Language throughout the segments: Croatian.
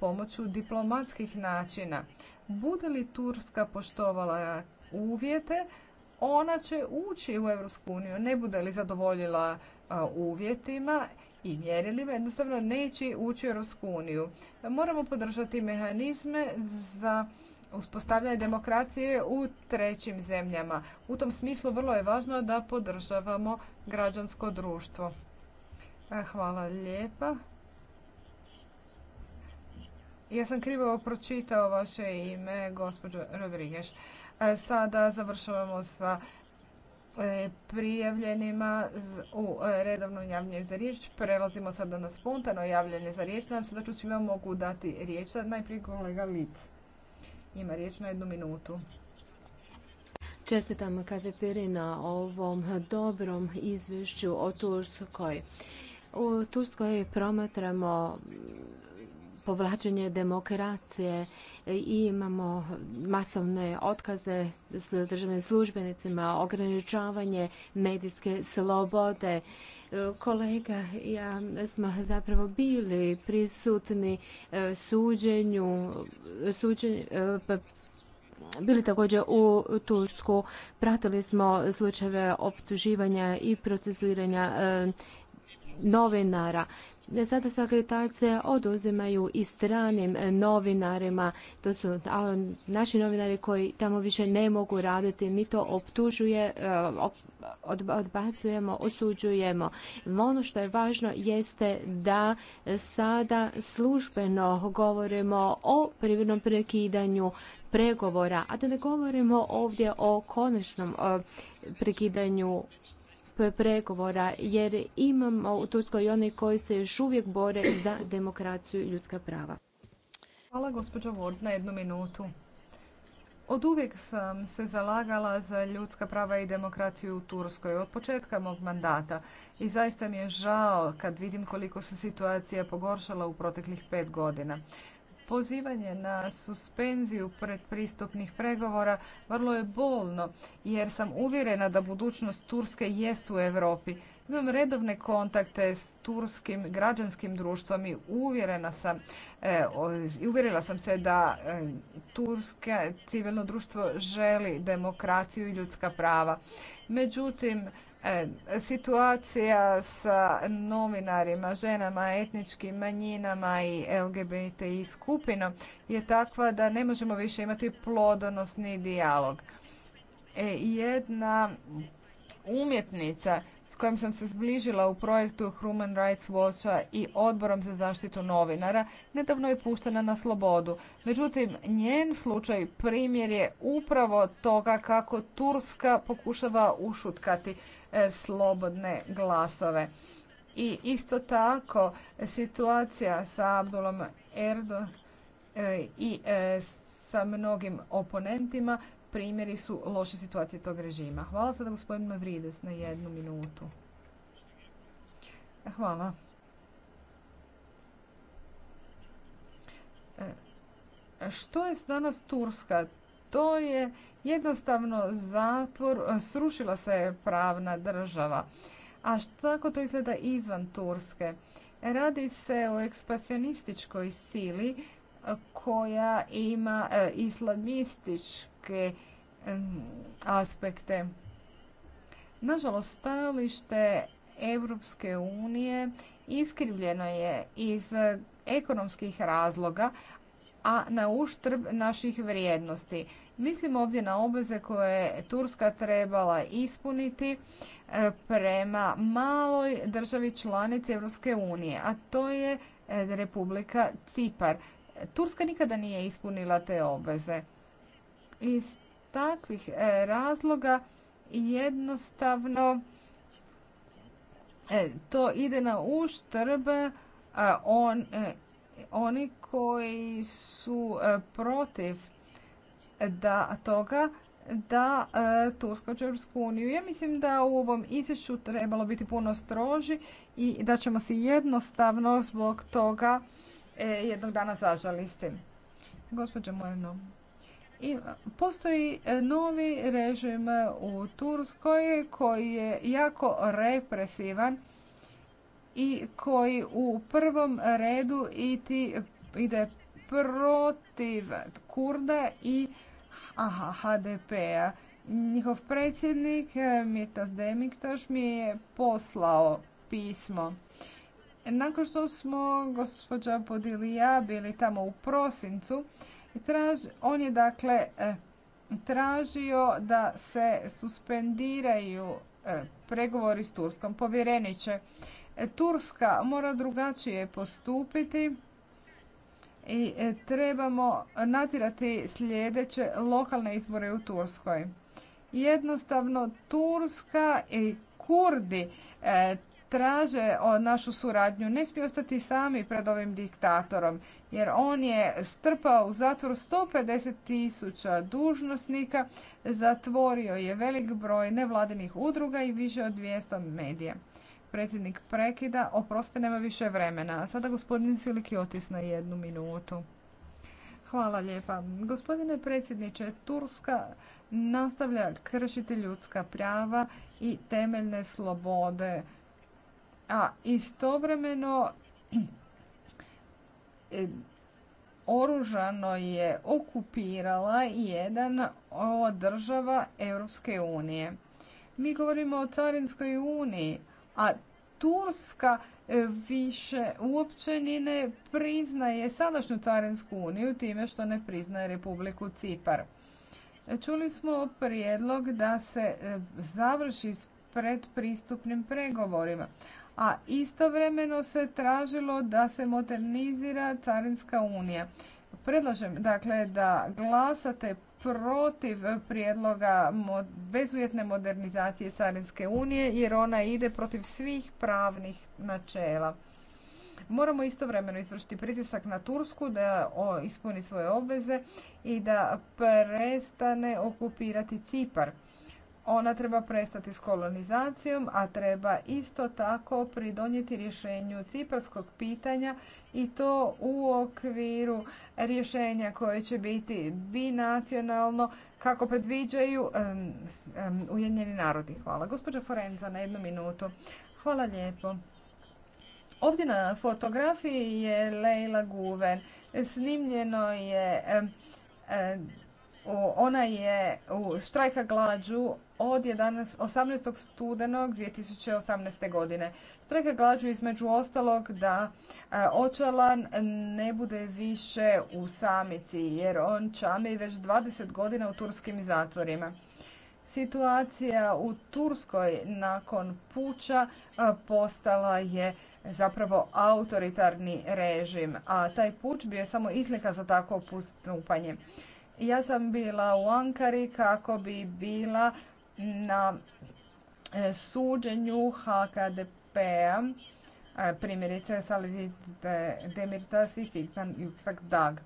pomoću diplomatskih načina. Bude li Turska poštovala uvjete, ona će ući u Europsku uniju. Ne bude li zadovoljila uvjetima i mjerilima, jednostavno neće ući u Europsku uniju. Moramo podržati mehanizme za uspostavljanje demokracije u trećim zemljama. U tom smislu vrlo je važno da podržavamo građansko društvo. Hvala lijepa. Ja sam krivo pročitao vaše ime, gospođo Rodriguez. E, sada završavamo sa e, prijavljenima u e, redovnom javljanju za riječ. Prelazimo sada na spontano javljanje za riječ. Nadam se da ću svima mogu dati riječ. Sad najprije kolega Lid ima riječ na jednu minutu. Čestitam Katepiri na ovom dobrom izvješću o Turskoj. U Turskoj promatramo povlačenje demokracije i imamo masovne otkaze s državnim službenicima, ograničavanje medijske slobode. Kolega, ja smo zapravo bili prisutni e, suđenju, suđenju e, pa bili također u Tursku, pratili smo slučajeve optuživanja i procesuiranja e, novinara. Sada se akreditacije oduzimaju i stranim novinarima. To su naši novinari koji tamo više ne mogu raditi. Mi to optužuje, e, odbacujemo, osuđujemo. Ono što je važno jeste da sada službeno govorimo o privrednom prekidanju pregovora, a da ne govorimo ovdje o konačnom e, prekidanju pregovora jer imamo u Turskoj i one koji se još uvijek bore za demokraciju i ljudska prava. Hvala gospođo Vord na jednu minutu. Od uvijek sam se zalagala za ljudska prava i demokraciju u Turskoj od početka mog mandata i zaista mi je žao kad vidim koliko se situacija pogoršala u proteklih pet godina. Pozivanje na suspenziju predpristupnih pregovora vrlo je bolno jer sam uvjerena da budućnost Turske jest u Europi. Imam redovne kontakte s turskim građanskim društvom i uvjerena sam, e, uvjerila sam se da Turska e, turske civilno društvo želi demokraciju i ljudska prava. Međutim, E, situacija sa novinarima, ženama, etničkim manjinama i LGBTI skupinom je takva da ne možemo više imati plodonosni dijalog. E, jedna umjetnica s kojim sam se zbližila u projektu Human Rights Watcha i odborom za zaštitu novinara, nedavno je puštena na slobodu. Međutim, njen slučaj primjer je upravo toga kako Turska pokušava ušutkati e, slobodne glasove. I isto tako situacija sa Abdulom Erdo e, i e, sa mnogim oponentima primjeri su loše situacije tog režima. Hvala sada gospodin Mavrides na jednu minutu. Hvala. E, što je danas Turska? To je jednostavno zatvor, e, srušila se pravna država. A tako to izgleda izvan Turske? Radi se o ekspasionističkoj sili e, koja ima islamističku neke aspekte. Nažalost, stajalište Europske unije iskrivljeno je iz ekonomskih razloga, a na uštrb naših vrijednosti. Mislim ovdje na obveze koje je Turska trebala ispuniti e, prema maloj državi članici Europske unije, a to je e, Republika Cipar. Turska nikada nije ispunila te obveze iz takvih e, razloga jednostavno e, to ide na uštrb e, oni koji su protiv toga da Turska uđe uniju. Ja mislim da u ovom izvješću trebalo biti puno stroži i da ćemo se jednostavno zbog toga jednog dana zažaliti. Gospođa Moreno. I postoji e, novi režim e, u Turskoj koji je jako represivan i koji u prvom redu iti ide protiv Kurda i HDP-a. Njihov predsjednik e, Mirtas Demiktaš mi je poslao pismo. Nakon što smo gospođa Podilija bili tamo u prosincu, on je dakle e, tražio da se suspendiraju e, pregovori s Turskom. Povjereniče, e, Turska mora drugačije postupiti i trebamo natirati sljedeće lokalne izbore u Turskoj. Jednostavno Turska i Kurdi traže o našu suradnju. Ne smije ostati sami pred ovim diktatorom, jer on je strpao u zatvor 150 tisuća dužnosnika, zatvorio je velik broj nevladinih udruga i više od 200 medija. Predsjednik prekida, oprosti, nema više vremena. sada gospodin otis na jednu minutu. Hvala lijepa. Gospodine predsjedniče, Turska nastavlja kršiti ljudska prava i temeljne slobode a istovremeno e, oružano je okupirala jedan od država Europske unije. Mi govorimo o Carinskoj uniji, a Turska e, više uopće ni ne priznaje sadašnju Carinsku uniju time što ne priznaje Republiku Cipar. E, čuli smo prijedlog da se završi s predpristupnim pregovorima, a istovremeno se tražilo da se modernizira Carinska unija. Predlažem dakle da glasate protiv prijedloga bezujetne modernizacije Carinske unije jer ona ide protiv svih pravnih načela. Moramo istovremeno izvršiti pritisak na Tursku da ispuni svoje obveze i da prestane okupirati Cipar ona treba prestati s kolonizacijom, a treba isto tako pridonijeti rješenju ciparskog pitanja i to u okviru rješenja koje će biti binacionalno kako predviđaju um, Ujedinjeni narodi. Hvala. Gospođa Forenza na jednu minutu. Hvala lijepo. Ovdje na fotografiji je Leila Guven. Snimljeno je ona je u štrajka glađu od 11, 18. studenog 2018. godine. Štrajka glađu između ostalog da e, Očalan ne bude više u samici jer on čami već 20 godina u turskim zatvorima. Situacija u Turskoj nakon puća e, postala je zapravo autoritarni režim, a taj puć bio je samo izlika za takvo postupanje. Ja sam bila u Ankari kako bi bila na e, suđenju HKDP-a, e, primjerice Salidit Demirtas i Fiktan Juksak Dag.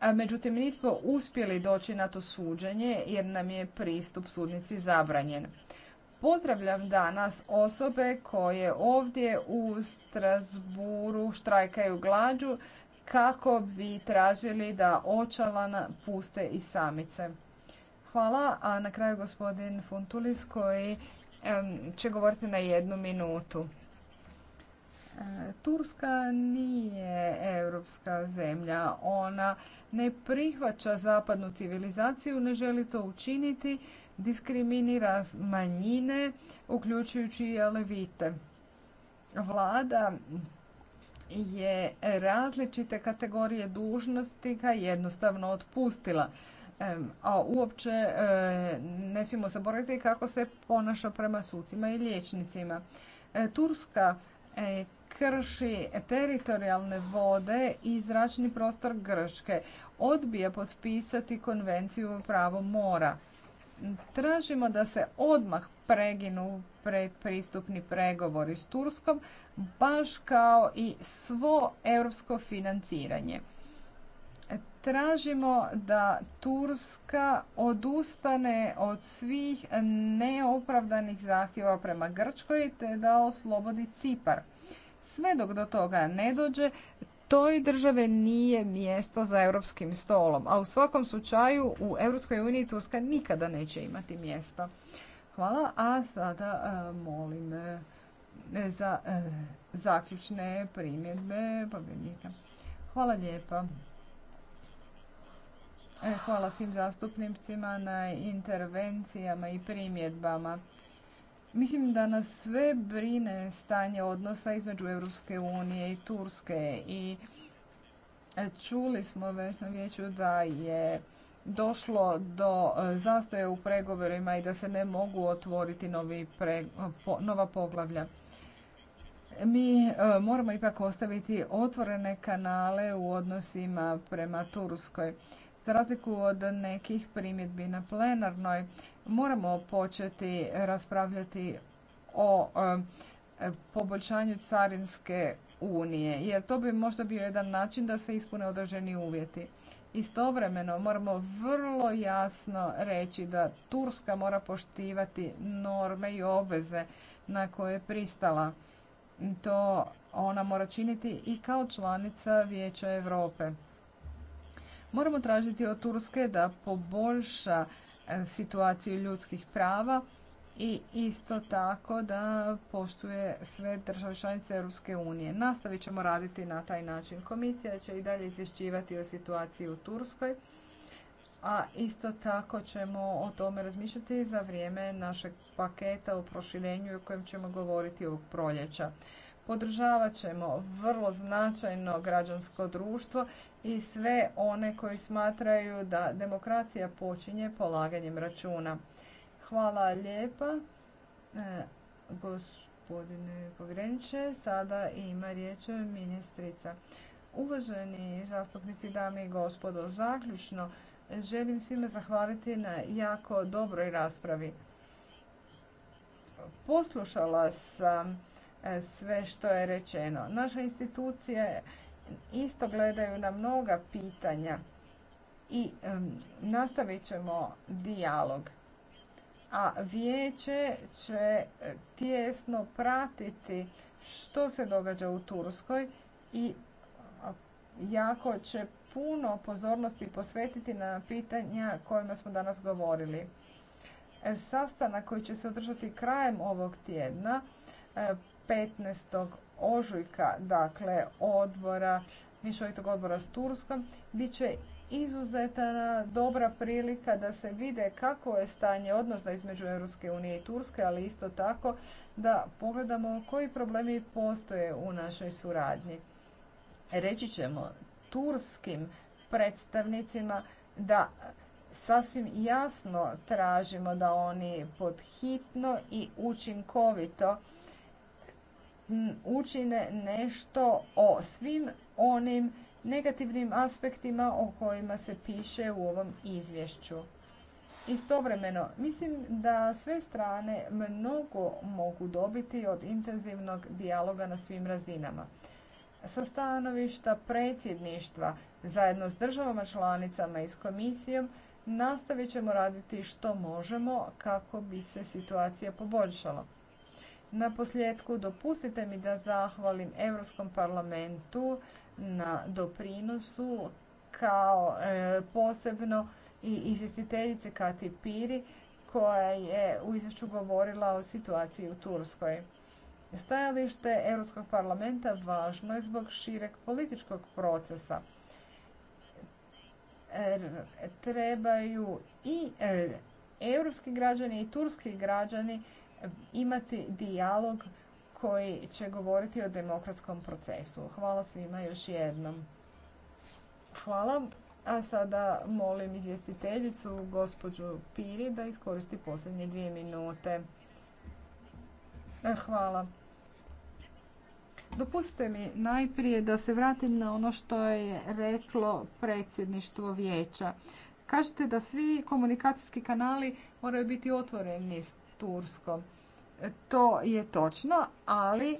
E, međutim, nismo uspjeli doći na to suđenje jer nam je pristup sudnici zabranjen. Pozdravljam danas osobe koje ovdje u Strasburu štrajkaju glađu kako bi tražili da očala puste i samice. Hvala, a na kraju gospodin Funtulis koji će govoriti na jednu minutu. E, Turska nije europska zemlja. Ona ne prihvaća zapadnu civilizaciju, ne želi to učiniti, diskriminira manjine, uključujući i alevite. Vlada je različite kategorije ga jednostavno otpustila. A uopće e, ne smijemo zaboraviti kako se ponaša prema sucima i liječnicima. E, Turska e, krši teritorijalne vode i zračni prostor Grčke. Odbija potpisati konvenciju o pravu mora. Tražimo da se odmah preginu predpristupni pregovori s Turskom, baš kao i svo europsko financiranje. Tražimo da Turska odustane od svih neopravdanih zahtjeva prema Grčkoj te da oslobodi Cipar. Sve dok do toga ne dođe, toj države nije mjesto za europskim stolom, a u svakom slučaju u Europskoj uniji Turska nikada neće imati mjesto. Hvala, a sada e, molim e, za e, zaključne primjedbe pobjednika. Hvala lijepa. Hvala svim zastupnicima na intervencijama i primjedbama. Mislim da nas sve brine stanje odnosa između Europske unije i Turske i e, čuli smo već na vijeću da je došlo do e, zastoja u pregovorima i da se ne mogu otvoriti novi e, nova poglavlja. Mi moramo ipak ostaviti otvorene kanale u odnosima prema Turskoj. Za razliku od nekih primjedbi na plenarnoj, moramo početi raspravljati o e, poboljšanju carinske unije, jer to bi možda bio jedan način da se ispune određeni uvjeti. Istovremeno moramo vrlo jasno reći da Turska mora poštivati norme i obveze na koje je pristala. To ona mora činiti i kao članica Vijeća Europe. Moramo tražiti od Turske da poboljša situaciju ljudskih prava i isto tako da poštuje sve države članice Europske unije. Nastavit ćemo raditi na taj način. Komisija će i dalje izvješćivati o situaciji u Turskoj, a isto tako ćemo o tome razmišljati za vrijeme našeg paketa o proširenju o kojem ćemo govoriti ovog proljeća. Podržavat ćemo vrlo značajno građansko društvo i sve one koji smatraju da demokracija počinje polaganjem računa. Hvala lijepa. E, gospodine povjereniče, sada ima riječ ministrica. Uvaženi zastupnici, dame i gospodo, zaključno želim svima zahvaliti na jako dobroj raspravi. Poslušala sam sve što je rečeno. Naše institucije isto gledaju na mnoga pitanja i nastavit ćemo dijalog. A vijeće će e, tijesno pratiti što se događa u Turskoj i e, jako će puno pozornosti posvetiti na pitanja kojima smo danas govorili. E, sastanak koji će se održati krajem ovog tjedna 15. ožujka, dakle odbora, mišovitog odbora s Turskom, bit će izuzetna dobra prilika da se vide kako je stanje odnosno između Europske unije i Turske, ali isto tako da pogledamo koji problemi postoje u našoj suradnji. Reći ćemo turskim predstavnicima da sasvim jasno tražimo da oni pod hitno i učinkovito učine nešto o svim onim negativnim aspektima o kojima se piše u ovom izvješću. Istovremeno, mislim da sve strane mnogo mogu dobiti od intenzivnog dijaloga na svim razinama. Sa stanovišta predsjedništva, zajedno s državama članicama i s komisijom, nastavit ćemo raditi što možemo kako bi se situacija poboljšala. Na posljedku dopustite mi da zahvalim Europskom parlamentu na doprinosu kao e, posebno i izvjestiteljice Kati Piri koja je u izvješću govorila o situaciji u Turskoj. Stajalište Europskog parlamenta važno je zbog šireg političkog procesa. Er, trebaju i e, europski građani i turski građani imati dijalog koji će govoriti o demokratskom procesu. Hvala svima još jednom. Hvala. A sada molim izvjestiteljicu, gospođu Piri, da iskoristi posljednje dvije minute. E, hvala. Dopustite mi najprije da se vratim na ono što je reklo predsjedništvo vijeća. Kažete da svi komunikacijski kanali moraju biti otvoreni Turskom. E, to je točno, ali e,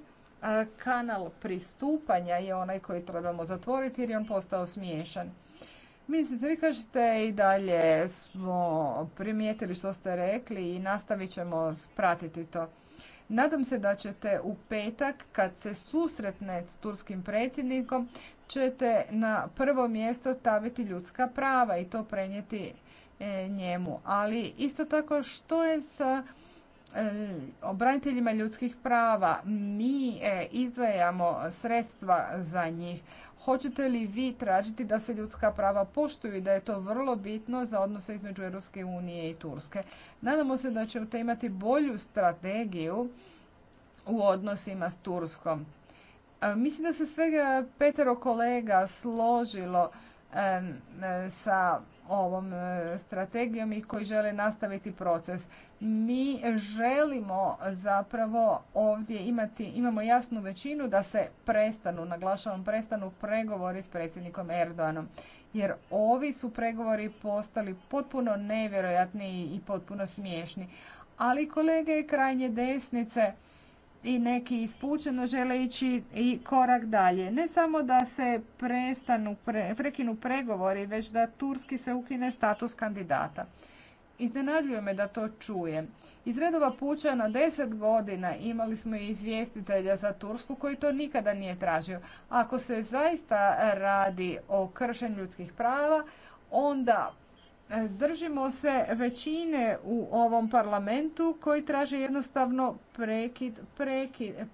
kanal pristupanja je onaj koji trebamo zatvoriti jer je on postao smiješan. Mislite, vi kažete i dalje smo primijetili što ste rekli i nastavit ćemo pratiti to. Nadam se da ćete u petak kad se susretne s turskim predsjednikom ćete na prvo mjesto staviti ljudska prava i to prenijeti e, njemu. Ali isto tako što je sa E, obraniteljima ljudskih prava. Mi e, izdvajamo sredstva za njih. Hoćete li vi tražiti da se ljudska prava poštuju i da je to vrlo bitno za odnose između Europske unije i Turske? Nadamo se da ćete imati bolju strategiju u odnosima s Turskom. E, mislim da se svega petero kolega složilo sa ovom e, strategijom i koji žele nastaviti proces. Mi želimo zapravo ovdje imati, imamo jasnu većinu da se prestanu, naglašavam prestanu pregovori s predsjednikom Erdoganom. Jer ovi su pregovori postali potpuno nevjerojatni i potpuno smiješni. Ali kolege krajnje desnice i neki ispučeno žele ići i korak dalje. Ne samo da se prestanu, prekinu pregovori, već da Turski se ukine status kandidata. Iznenađuje me da to čujem. Iz redova pučana deset godina imali smo i izvjestitelja za Tursku koji to nikada nije tražio. Ako se zaista radi o kršenju ljudskih prava, onda E, držimo se većine u ovom parlamentu koji traže jednostavno prekid,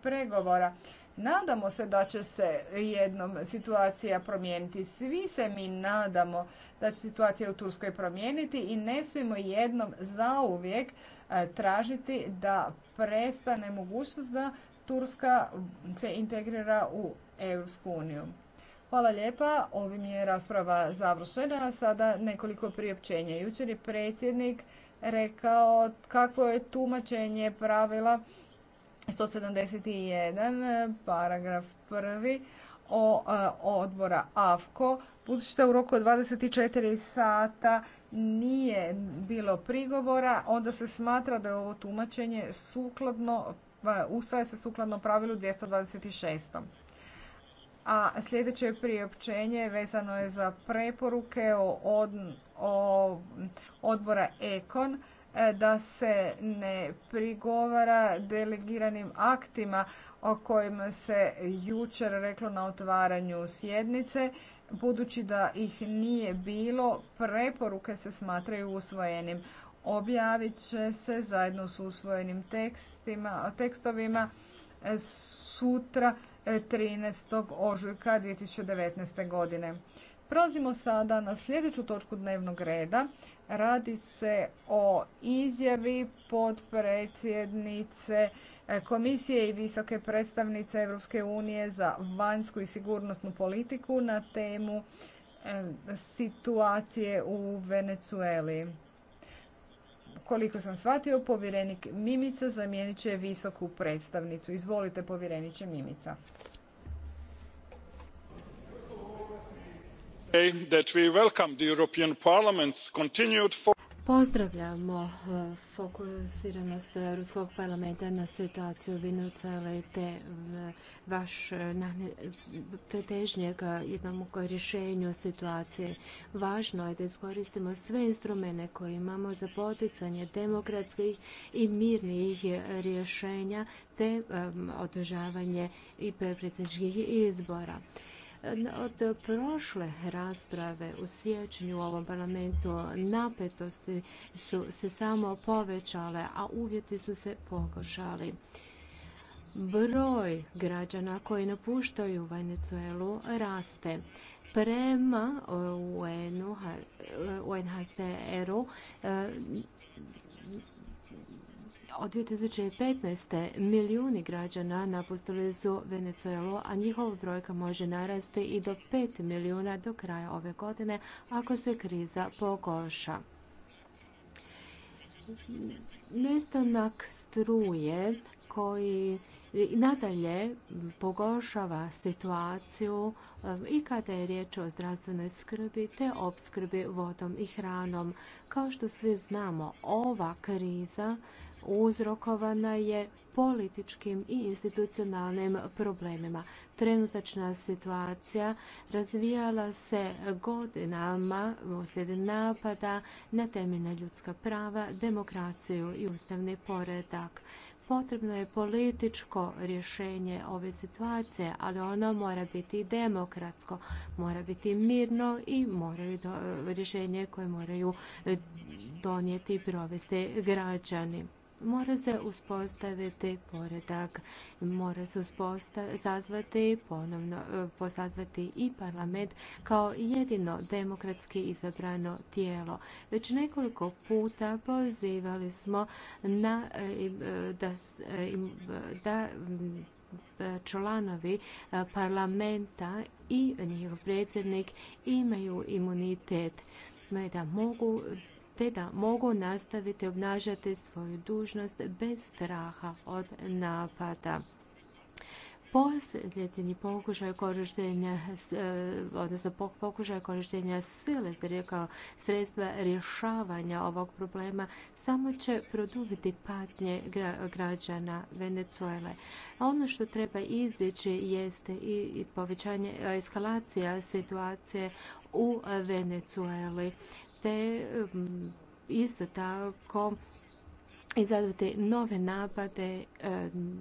pregovora. Nadamo se da će se jednom situacija promijeniti. Svi se mi nadamo da će situacija u Turskoj promijeniti i ne smijemo jednom zauvijek e, tražiti da prestane mogućnost da Turska se integrira u Europsku uniju. Hvala lijepa. Ovim je rasprava završena. Sada nekoliko priopćenja. Jučer je predsjednik rekao kako je tumačenje pravila 171 paragraf prvi o, e, odbora AFKO. Budući da u roku od 24 sata nije bilo prigovora, onda se smatra da je ovo tumačenje sukladno, e, usvaja se sukladno pravilu 226. A sljedeće priopćenje vezano je za preporuke od, odbora Ekon e, da se ne prigovara delegiranim aktima o kojima se jučer reklo na otvaranju sjednice. Budući da ih nije bilo, preporuke se smatraju usvojenim. Objavit će se zajedno s usvojenim tekstima, tekstovima e, sutra 13. ožujka 2019. godine. Prelazimo sada na sljedeću točku dnevnog reda. Radi se o izjavi podpredsjednice e, Komisije i visoke predstavnice Europske unije za vanjsku i sigurnosnu politiku na temu e, situacije u Venecueli. Koliko sam shvatio, povjerenik Mimica zamijenit će visoku predstavnicu. Izvolite, povjereniče Mimica. Pozdravljamo e, fokusiranost Ruskog parlamenta na situaciju u Venezueli te e, vaš e, te težnje ka jednom rješenju situacije. Važno je da iskoristimo sve instrumente koje imamo za poticanje demokratskih i mirnih rješenja te održavanje i predsjedničkih izbora. Od prošle rasprave u siječnju u ovom parlamentu napetosti su se samo povećale, a uvjeti su se pogošali. Broj građana koji napuštaju Venezuelu raste. Prema UNHCR-u od 2015. milijuni građana napustili su Venezuelu, a njihova brojka može narasti i do 5 milijuna do kraja ove godine ako se kriza pogoša. Nestanak struje koji nadalje pogošava situaciju e, i kada je riječ o zdravstvenoj skrbi te opskrbi vodom i hranom. Kao što svi znamo, ova kriza uzrokovana je političkim i institucionalnim problemima. Trenutačna situacija razvijala se godinama uslijed napada na temeljna ljudska prava, demokraciju i ustavni poredak. Potrebno je političko rješenje ove situacije, ali ono mora biti demokratsko, mora biti mirno i moraju do, rješenje koje moraju donijeti i provesti građani mora se uspostaviti poredak, mora se sazvati ponovno, e, posazvati i parlament kao jedino demokratski izabrano tijelo. Već nekoliko puta pozivali smo na e, e, da, da članovi parlamenta i njihov predsjednik imaju imunitet da mogu te da mogu nastaviti obnašati svoju dužnost bez straha od napada. Posljednji pokušaj korištenja, e, odnosno pokušaj korištenja sile, rekao, sredstva rješavanja ovog problema samo će produbiti patnje građana Venezuele. ono što treba izbjeći jeste i povećanje eskalacija situacije u Venezueli te isto tako izazvati nove napade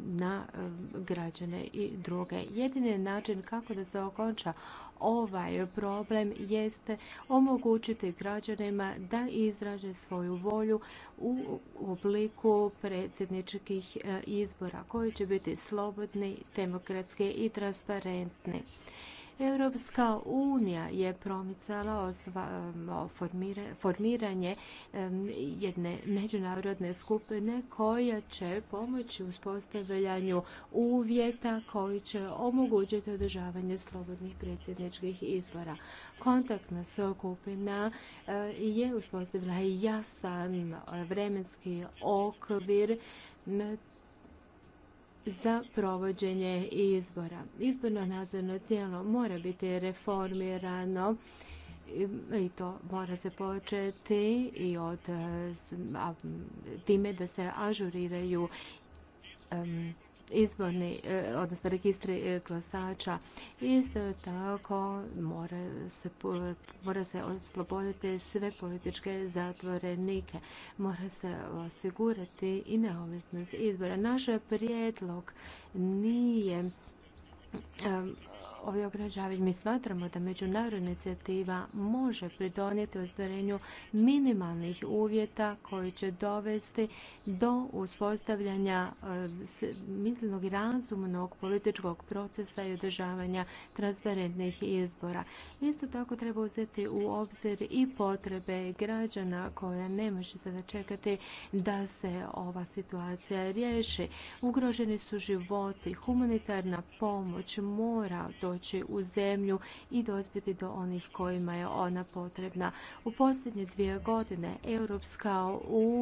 na građane i druge. Jedini način kako da se okonča ovaj problem jeste omogućiti građanima da izraže svoju volju u obliku predsjedničkih izbora koji će biti slobodni, demokratski i transparentni. Europska unija je promicala formiranje jedne međunarodne skupine koja će pomoći u uspostavljanju uvjeta koji će omogućiti održavanje slobodnih predsjedničkih izbora. Kontaktna skupina je uspostavila jasan vremenski okvir za provođenje izbora. Izborno nadzorno tijelo mora biti reformirano i to mora se početi i od time da se ažuriraju izborni, e, odnosno registri e, glasača. Isto tako mora se, osloboditi sve političke zatvorenike. Mora se osigurati i neovisnost izbora. Naš prijedlog nije Ovi ograničavanje. Mi smatramo da međunarodna inicijativa može pridonijeti ostvarenju minimalnih uvjeta koji će dovesti do uspostavljanja e, mislenog i razumnog političkog procesa i održavanja transparentnih izbora. Isto tako treba uzeti u obzir i potrebe građana koja ne može sada čekati da se ova situacija riješi. Ugroženi su životi, humanitarna pomoć mora do doći u zemlju i dospjeti do onih kojima je ona potrebna. U posljednje dvije godine Europska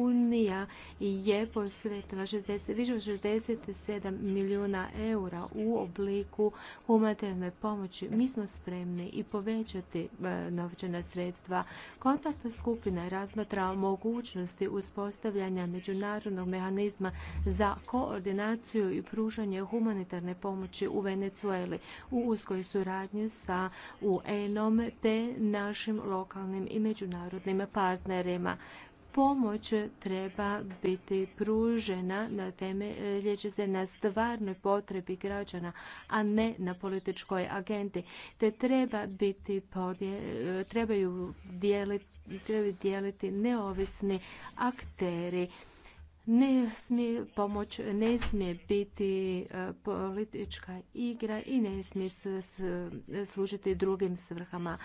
unija je posvetila više od 67 milijuna eura u obliku humanitarne pomoći. Mi smo spremni i povećati e, novčana sredstva. Kontaktna skupina razmatra mogućnosti uspostavljanja međunarodnog mehanizma za koordinaciju i pružanje humanitarne pomoći u Venezueli. U uskoj suradnji sa UN-om te našim lokalnim i međunarodnim partnerima pomoć treba biti pružena na temelje se na stvarnoj potrebi građana, a ne na političkoj agenti. Te treba biti trebaju dijeliti, trebaju dijeliti neovisni akteri ne smije pomoć, ne smije biti e, politička igra i ne smije e, služiti drugim svrhama.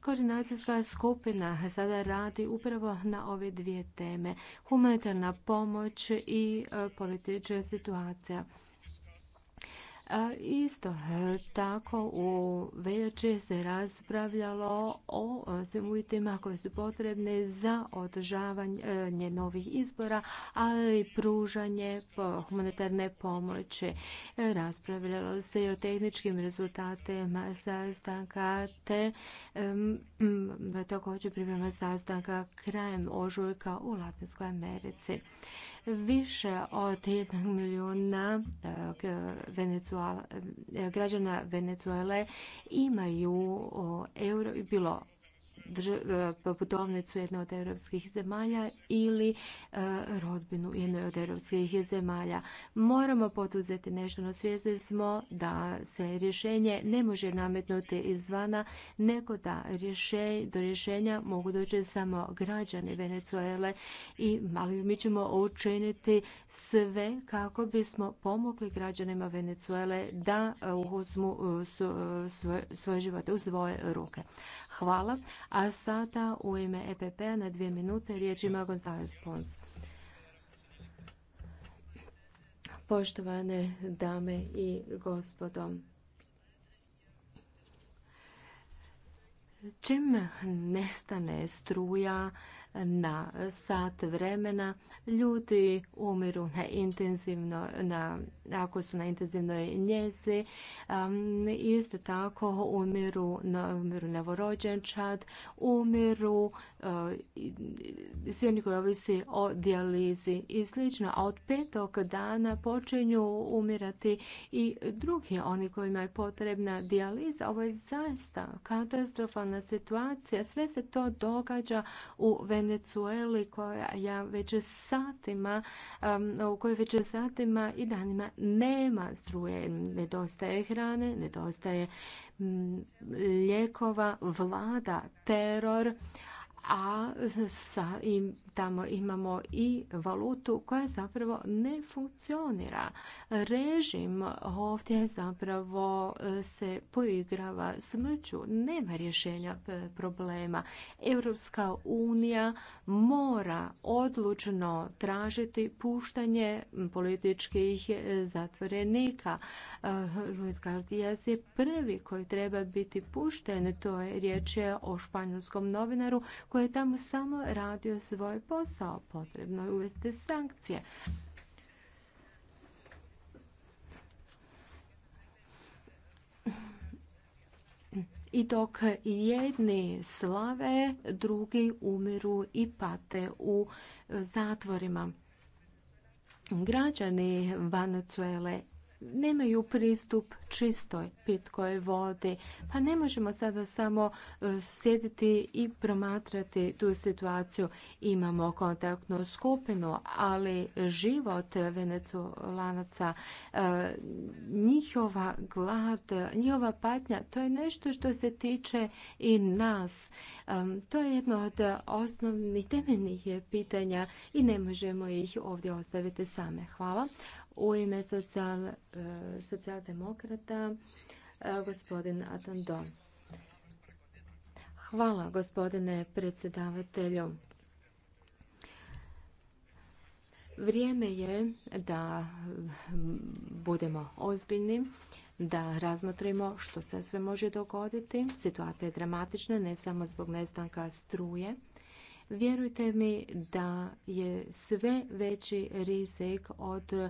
koordinacijska skupina sada radi upravo na ove dvije teme, humanitarna pomoć i e, politička situacija. Isto e, tako u veljači se raspravljalo o svim uvjetima koji su potrebne za održavanje e, novih izbora, ali i pružanje humanitarne pomoći. E, raspravljalo se i o tehničkim rezultatima sastanka te također priprema sastanka krajem ožujka u Latinskoj Americi. Više od jednog milijuna e, e, građana Venezuele imaju euro, i bilo E, putovnicu jedne od europskih zemalja ili e, rodbinu jedne od europskih zemalja. Moramo potuzeti nešto, no svjesni smo da se rješenje ne može nametnuti izvana, nego da do rješenja mogu doći samo građani Venezuele, i, ali mi ćemo učiniti sve kako bismo pomogli građanima Venezuele da e, uzmu svoje živote u svoje ruke. Hvala. A sada u ime EPP na dvije minute riječ ima Gonzales Pons. Poštovane dame i gospodo, čim nestane struja, na sat vremena. Ljudi umiru na intenzivno, na, ako su na intenzivnoj njezi. isto tako umiru, na, umiru novorođenčad, umiru svi oni koji ovisi o dijalizi i slično. A od petog dana počinju umirati i drugi oni kojima je potrebna dijaliza. Ovo je zaista katastrofalna situacija. Sve se to događa u Venecueli koja ja već satima u kojoj već satima i danima nema struje. Nedostaje hrane, nedostaje lijekova vlada, teror a sa im tamo imamo i valutu koja zapravo ne funkcionira. Režim ovdje zapravo e, se poigrava smrću, nema rješenja e, problema. Europska unija mora odlučno tražiti puštanje političkih e, zatvorenika. Luis Gardijas je prvi koji treba biti pušten, to je riječ o španjolskom novinaru koji je tamo samo radio svoj posao, potrebno je uvesti sankcije. I dok jedni slave, drugi umiru i pate u zatvorima. Građani Venezuele nemaju pristup čistoj pitkoj vodi. Pa ne možemo sada samo e, sjediti i promatrati tu situaciju. Imamo kontaktnu skupinu, ali život venecolanaca, e, njihova glad, njihova patnja, to je nešto što se tiče i nas. E, to je jedno od osnovnih temeljnih pitanja i ne možemo ih ovdje ostaviti same. Hvala. U ime e, socijaldemokrata, e, gospodin Atandon. Hvala, gospodine predsjedavatelju. Vrijeme je da budemo ozbiljni, da razmotrimo što se sve može dogoditi. Situacija je dramatična, ne samo zbog nestanka struje, Vjerujte mi da je sve veći rizik od e,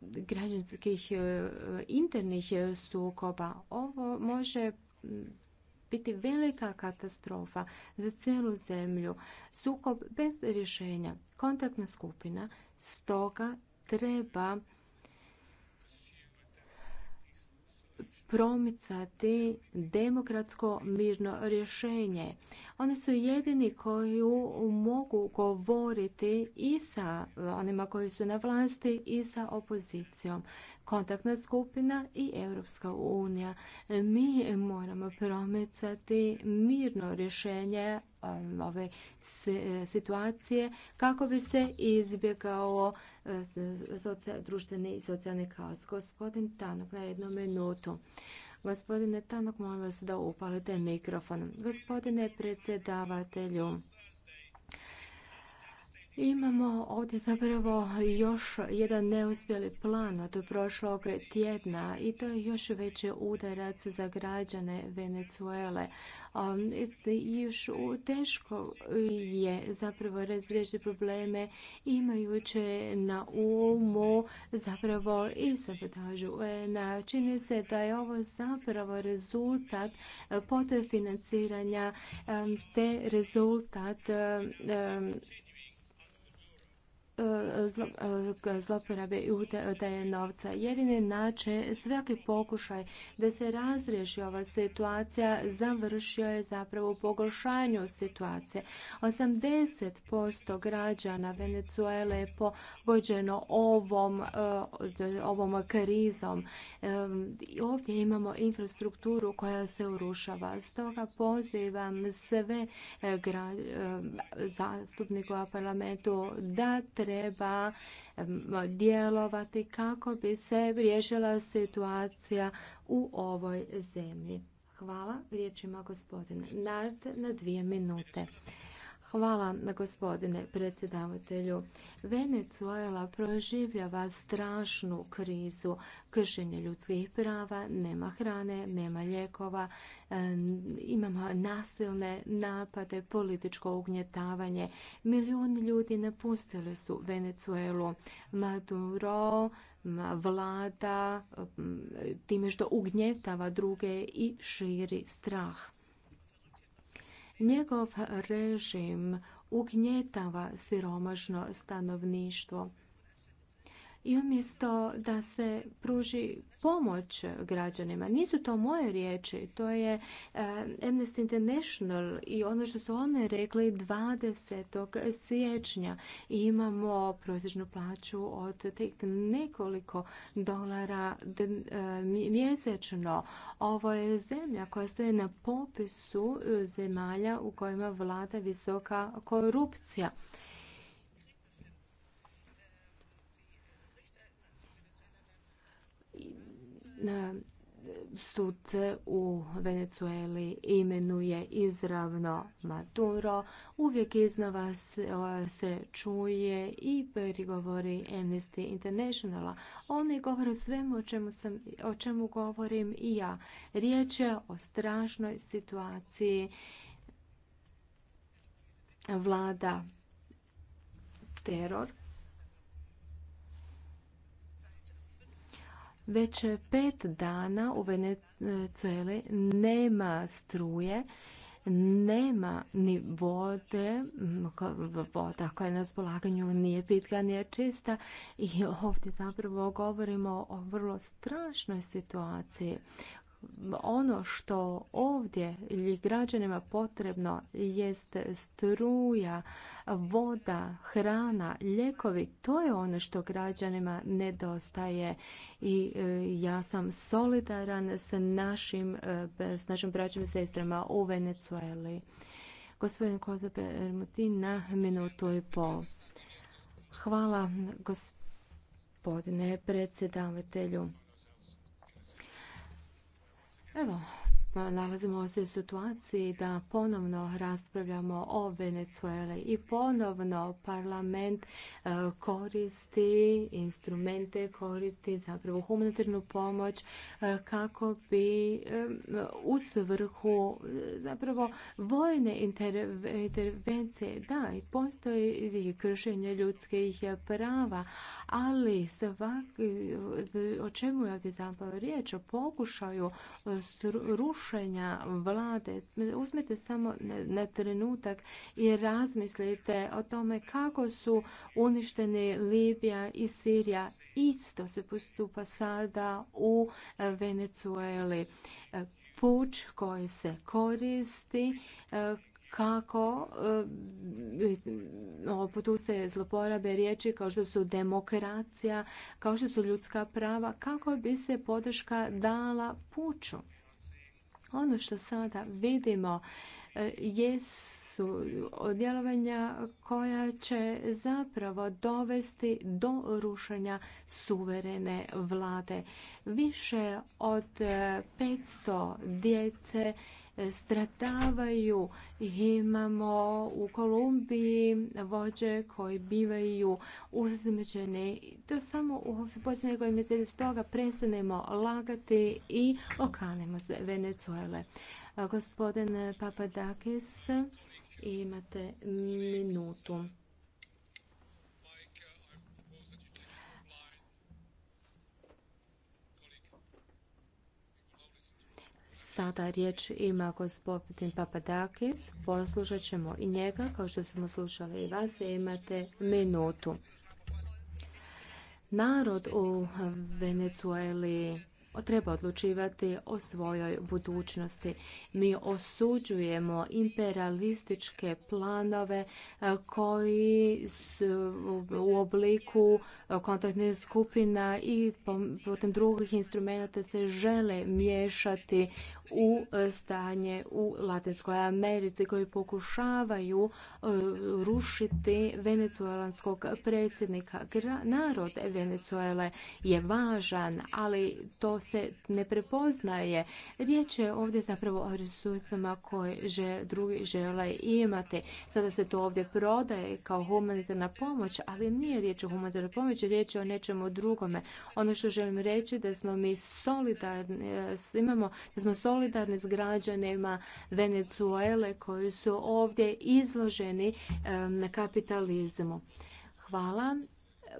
građanskih e, internih sukoba. Ovo može biti velika katastrofa za cijelu zemlju. Sukob bez rješenja. Kontaktna skupina stoga treba promicati demokratsko mirno rješenje. Oni su jedini koji mogu govoriti i sa onima koji su na vlasti i sa opozicijom kontaktna skupina i Europska unija. Mi moramo promicati mirno rješenje um, ove situacije kako bi se izbjegao uh, društveni i socijalni kaos. Gospodin Tanok na jednu minutu. Gospodine Tanok, molim vas da upalite mikrofon. Gospodine predsjedavatelju, Imamo ovdje zapravo još jedan neuspjeli plan od prošlog tjedna i to je još veći udarac za građane Venezuele. Um, još teško je zapravo razriješiti probleme imajuće na umu zapravo i sabotažu e, Čini se da je ovo zapravo rezultat e, pote financiranja te rezultat E, zloporabe i utaje novca. Jedini način, svaki pokušaj da se razriješi ova situacija završio je zapravo u pogoršanju situacije. 80% građana Venezuele je pogođeno ovom, e, ovom krizom. E, ovdje imamo infrastrukturu koja se urušava. Stoga pozivam sve zastupnike u parlamentu da treba djelovati kako bi se riješila situacija u ovoj zemlji. Hvala. Riječ ima gospodin Nart na dvije minute. Hvala gospodine predsjedavatelju. Venezuela proživljava strašnu krizu, kršenje ljudskih prava, nema hrane, nema lijekova, imamo nasilne napade, političko ugnjetavanje. Milijuni ljudi napustili su Venezuelu. Maduro, vlada, time što ugnjetava druge i širi strah Njegov režim ugnjetava siromašno stanovništvo i umjesto da se pruži pomoć građanima. Nisu to moje riječi, to je eh, Amnesty International i ono što su one rekli 20. siječnja. Imamo prosječnu plaću od tek nekoliko dolara eh, mjesečno. Ovo je zemlja koja stoje na popisu eh, zemalja u kojima vlada visoka korupcija. sudce u Venezueli imenuje izravno Maduro. Uvijek iznova se čuje i prigovori Amnesty Internationala. Oni govore o svemu o čemu, o čemu govorim i ja. Riječ je o strašnoj situaciji vlada teror Već pet dana u Venezueli nema struje, nema ni vode, voda koja je na raspolaganju nije pitka, nije čista i ovdje zapravo govorimo o vrlo strašnoj situaciji ono što ovdje građanima potrebno jest struja, voda, hrana, ljekovi. To je ono što građanima nedostaje i e, ja sam solidaran s našim, e, s našim sestrama u Venezueli. Gospodine Kozape Ermutin na minutu i pol. Hvala gospodine predsjedavatelju. Evo, nalazimo se u situaciji da ponovno raspravljamo o Venezueli i ponovno parlament e, koristi instrumente, koristi zapravo humanitarnu pomoć e, kako bi e, u svrhu zapravo vojne intervencije da i postoji kršenje ljudskih prava, ali svak, o čemu je ovdje zapravo riječ? O pokušaju rušenja vlade. Uzmite samo na trenutak i razmislite o tome kako su uništeni Libija i Sirija. Isto se postupa sada u Venezueli. Puć koji se koristi kako e, tu se zloporabe riječi kao što su demokracija, kao što su ljudska prava, kako bi se podrška dala puču. Ono što sada vidimo e, jesu djelovanja koja će zapravo dovesti do rušenja suverene vlade. Više od 500 e, djece stratavaju. Imamo u Kolumbiji vođe koji bivaju uzmeđeni. To samo u posljednje se iz toga prestanemo lagati i okanemo se Venezuele. Gospodin Papadakis, imate minutu. Sada riječ ima gospodin Papadakis. Poslušat ćemo i njega, kao što smo slušali i vas. E, imate minutu. Narod u Venezueli treba odlučivati o svojoj budućnosti. Mi osuđujemo imperialističke planove koji su u obliku kontaktnih skupina i putem drugih instrumenta se žele miješati u e, stanje u Latinskoj Americi koji pokušavaju e, rušiti venecuelanskog predsjednika. Narod Venezuele je važan, ali to se ne prepoznaje. Riječ je ovdje zapravo o resursima koje drugi žele imati. Sada se to ovdje prodaje kao humanitarna pomoć, ali nije riječ o humanitarnoj pomoći, riječ je o nečemu drugome. Ono što želim reći da smo mi solidarni, e, imamo, da smo solidarni solidarni s građanima Venezuele koji su ovdje izloženi na kapitalizmu. Hvala.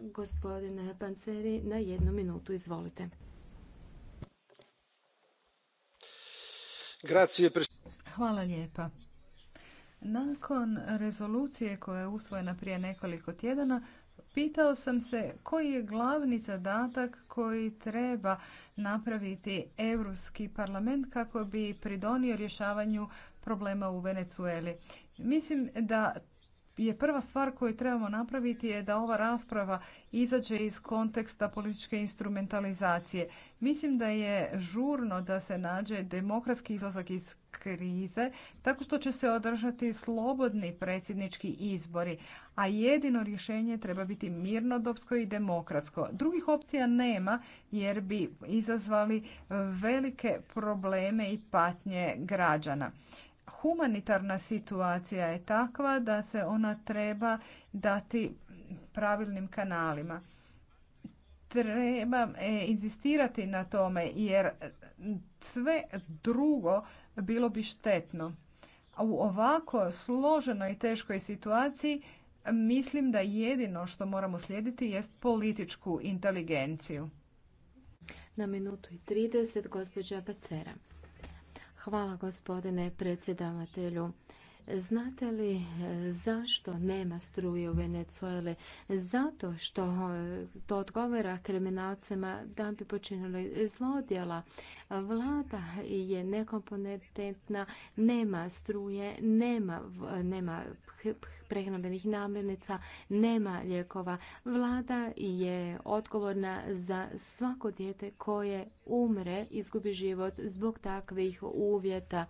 Gospodine Panceri, na jednu minutu, izvolite. Hvala lijepa. Nakon rezolucije koja je usvojena prije nekoliko tjedana, Pitao sam se koji je glavni zadatak koji treba napraviti Europski parlament kako bi pridonio rješavanju problema u Venecueli. Mislim da je prva stvar koju trebamo napraviti je da ova rasprava izađe iz konteksta političke instrumentalizacije. Mislim da je žurno da se nađe demokratski izlazak iz krize tako što će se održati slobodni predsjednički izbori, a jedino rješenje treba biti mirnodopsko i demokratsko. Drugih opcija nema jer bi izazvali velike probleme i patnje građana humanitarna situacija je takva da se ona treba dati pravilnim kanalima. Treba e, inzistirati na tome jer sve drugo bilo bi štetno. U ovako složenoj i teškoj situaciji mislim da jedino što moramo slijediti jest političku inteligenciju. Na minutu i 30 gospođa Pacera. Hvala gospodine predsjedavatelju. Znate li e, zašto nema struje u Venezuele Zato što e, to odgovara kriminalcima da bi počinili zlodjela. Vlada je nekomponentna, nema struje, nema, nema prehrambenih namirnica, nema lijekova. Vlada je odgovorna za svako dijete koje umre, izgubi život zbog takvih uvjeta.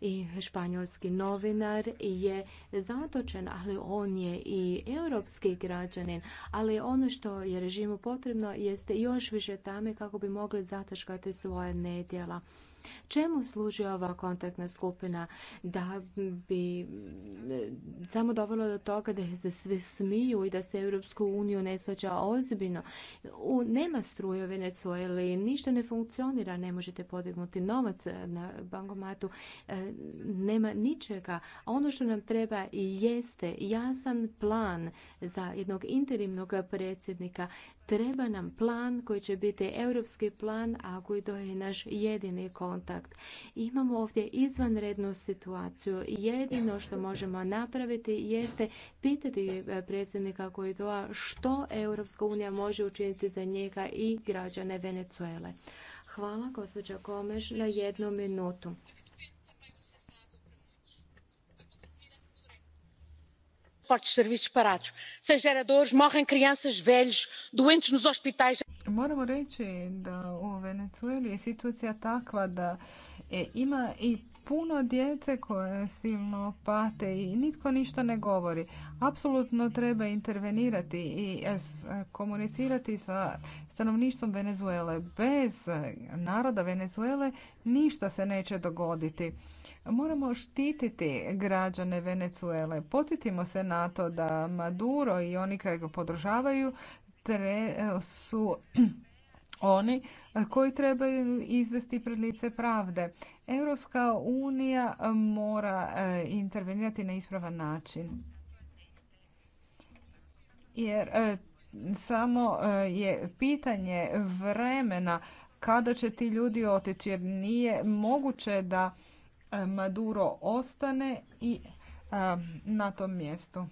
I španjolski novinar je zatočen, ali on je i europski građanin. Ali ono što je režimu potrebno jeste još više tame kako bi mogli zataškati svoje ne nedjela. Čemu služi ova kontaktna skupina? Da bi samo dovelo do toga da se sve smiju i da se Europsku uniju ne svađa ozbiljno. nema struje u Venezueli, ništa ne funkcionira, ne možete podignuti novac na bankomatu, e, nema ničega. ono što nam treba jeste jasan plan za jednog interimnog predsjednika Treba nam plan koji će biti europski plan, a koji to je naš jedini kontakt. Imamo ovdje izvanrednu situaciju. Jedino što možemo napraviti jeste pitati e, predsjednika Koidoa što Europska unija može učiniti za njega i građane Venezuele. Hvala, gospođa Komeš, na jednu minutu. portos de serviços parados, sem geradores, morrem crianças, velhos, doentes nos hospitais. Moramo reći da u Venezueli je situacija takva da e, ima i puno djece koje silno pate i nitko ništa ne govori. Apsolutno treba intervenirati i e, e, komunicirati sa stanovništvom Venezuele. Bez naroda Venezuele ništa se neće dogoditi. Moramo štititi građane Venezuele. Podsjetimo se na to da Maduro i oni koji ga podržavaju e, su oni koji trebaju izvesti pred lice pravde. Europska unija mora intervenirati na ispravan način. Jer samo je pitanje vremena kada će ti ljudi otići jer nije moguće da Maduro ostane i na tom mjestu.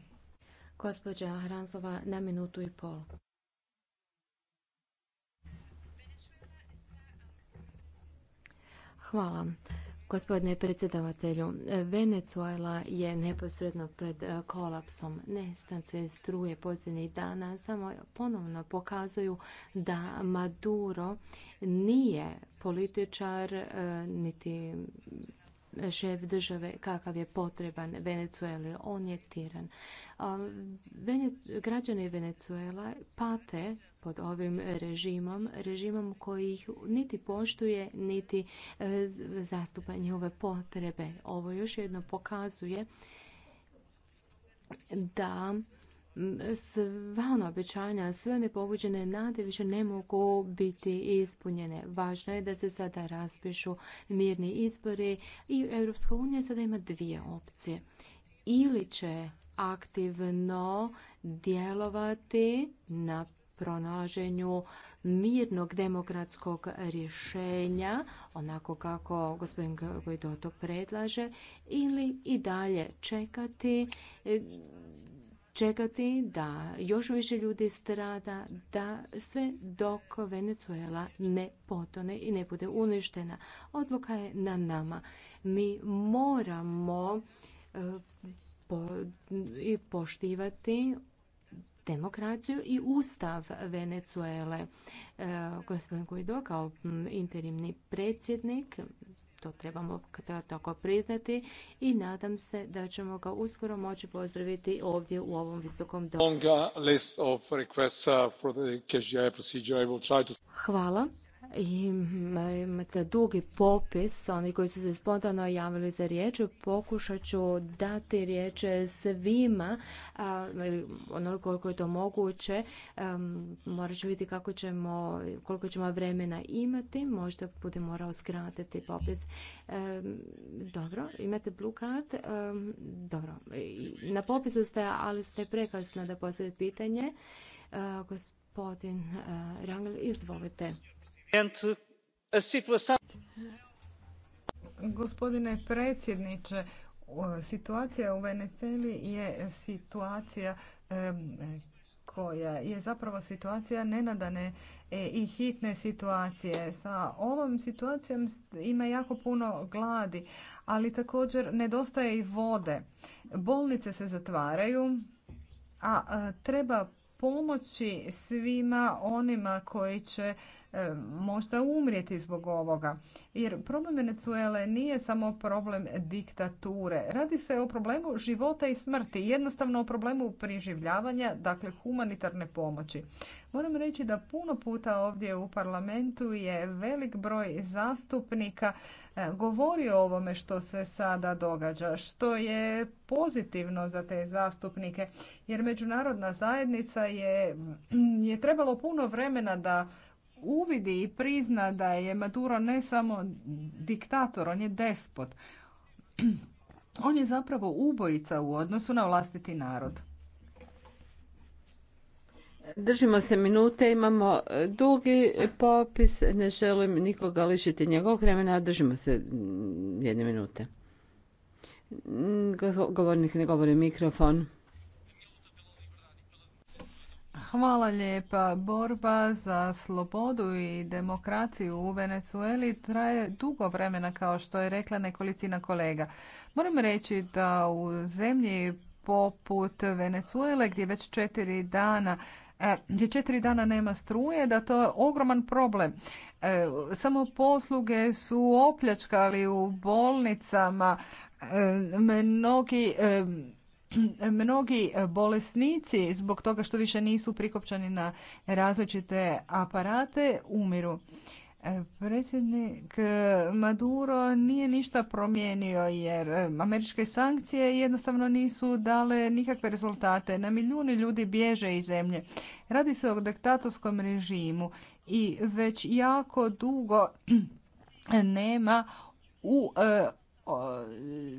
Gospođa Hranzova na minutu i pol. Hvala. Gospodine predsjedavatelju, Venezuela je neposredno pred e, kolapsom. Nestance struje posljednjih dana samo ponovno pokazuju da Maduro nije političar e, niti šef države kakav je potreban Venecueli. On je tiran. Građani Venezuela pate pod ovim režimom, režimom koji ih niti poštuje, niti e, zastupa njihove potrebe. Ovo još jedno pokazuje da sva ona obećanja, sve one pobuđene nade više ne mogu biti ispunjene. Važno je da se sada raspišu mirni izbori i Europska unija sada ima dvije opcije. Ili će aktivno djelovati na pronalaženju mirnog demokratskog rješenja, onako kako gospodin Gojdo to predlaže, ili i dalje čekati čekati da još više ljudi strada, da sve dok Venezuela ne potone i ne bude uništena. Odluka je na nama. Mi moramo e, i poštivati demokraciju i ustav Venezuele. E, gospodin Guido kao interimni predsjednik to trebamo tako priznati i nadam se da ćemo ga uskoro moći pozdraviti ovdje u ovom visokom domu. Uh, Hvala imate dugi popis oni koji su se spontano javili za riječ. Pokušat ću dati riječ svima, onoliko koliko je to moguće. Morat ću vidjeti kako ćemo, koliko ćemo vremena imati. Možda bude morao skratiti popis. Dobro, imate blue card. Dobro, na popisu ste, ali ste prekasno da postavite pitanje. E, gospodin e, Rangel, izvolite. Gospodine predsjedniče, situacija u Venezueli je situacija koja je zapravo situacija nenadane e, i hitne situacije. Sa ovom situacijom ima jako puno gladi, ali također nedostaje i vode. Bolnice se zatvaraju, a treba pomoći svima onima koji će E, možda umrijeti zbog ovoga. Jer problem Venezuele nije samo problem diktature. Radi se o problemu života i smrti. Jednostavno o problemu priživljavanja, dakle humanitarne pomoći. Moram reći da puno puta ovdje u parlamentu je velik broj zastupnika e, govorio o ovome što se sada događa, što je pozitivno za te zastupnike, jer međunarodna zajednica je, je trebalo puno vremena da uvidi i prizna da je Maduro ne samo diktator, on je despot. On je zapravo ubojica u odnosu na vlastiti narod. Držimo se minute, imamo e, dugi popis, ne želim nikoga lišiti njegovog vremena, držimo se mm, jedne minute. Govornik ne govori mikrofon. Hvala lijepa. Borba za slobodu i demokraciju u Venezueli traje dugo vremena kao što je rekla nekolicina kolega. Moram reći da u zemlji poput Venezuele gdje već četiri dana e, gdje četiri dana nema struje, da to je ogroman problem. E, samo posluge su opljačkali u bolnicama, e, mnogi mnogi e, bolesnici zbog toga što više nisu prikopčani na različite aparate umiru. E, predsjednik e, Maduro nije ništa promijenio jer američke sankcije jednostavno nisu dale nikakve rezultate. Na milijuni ljudi bježe iz zemlje. Radi se o diktatorskom režimu i već jako dugo nema u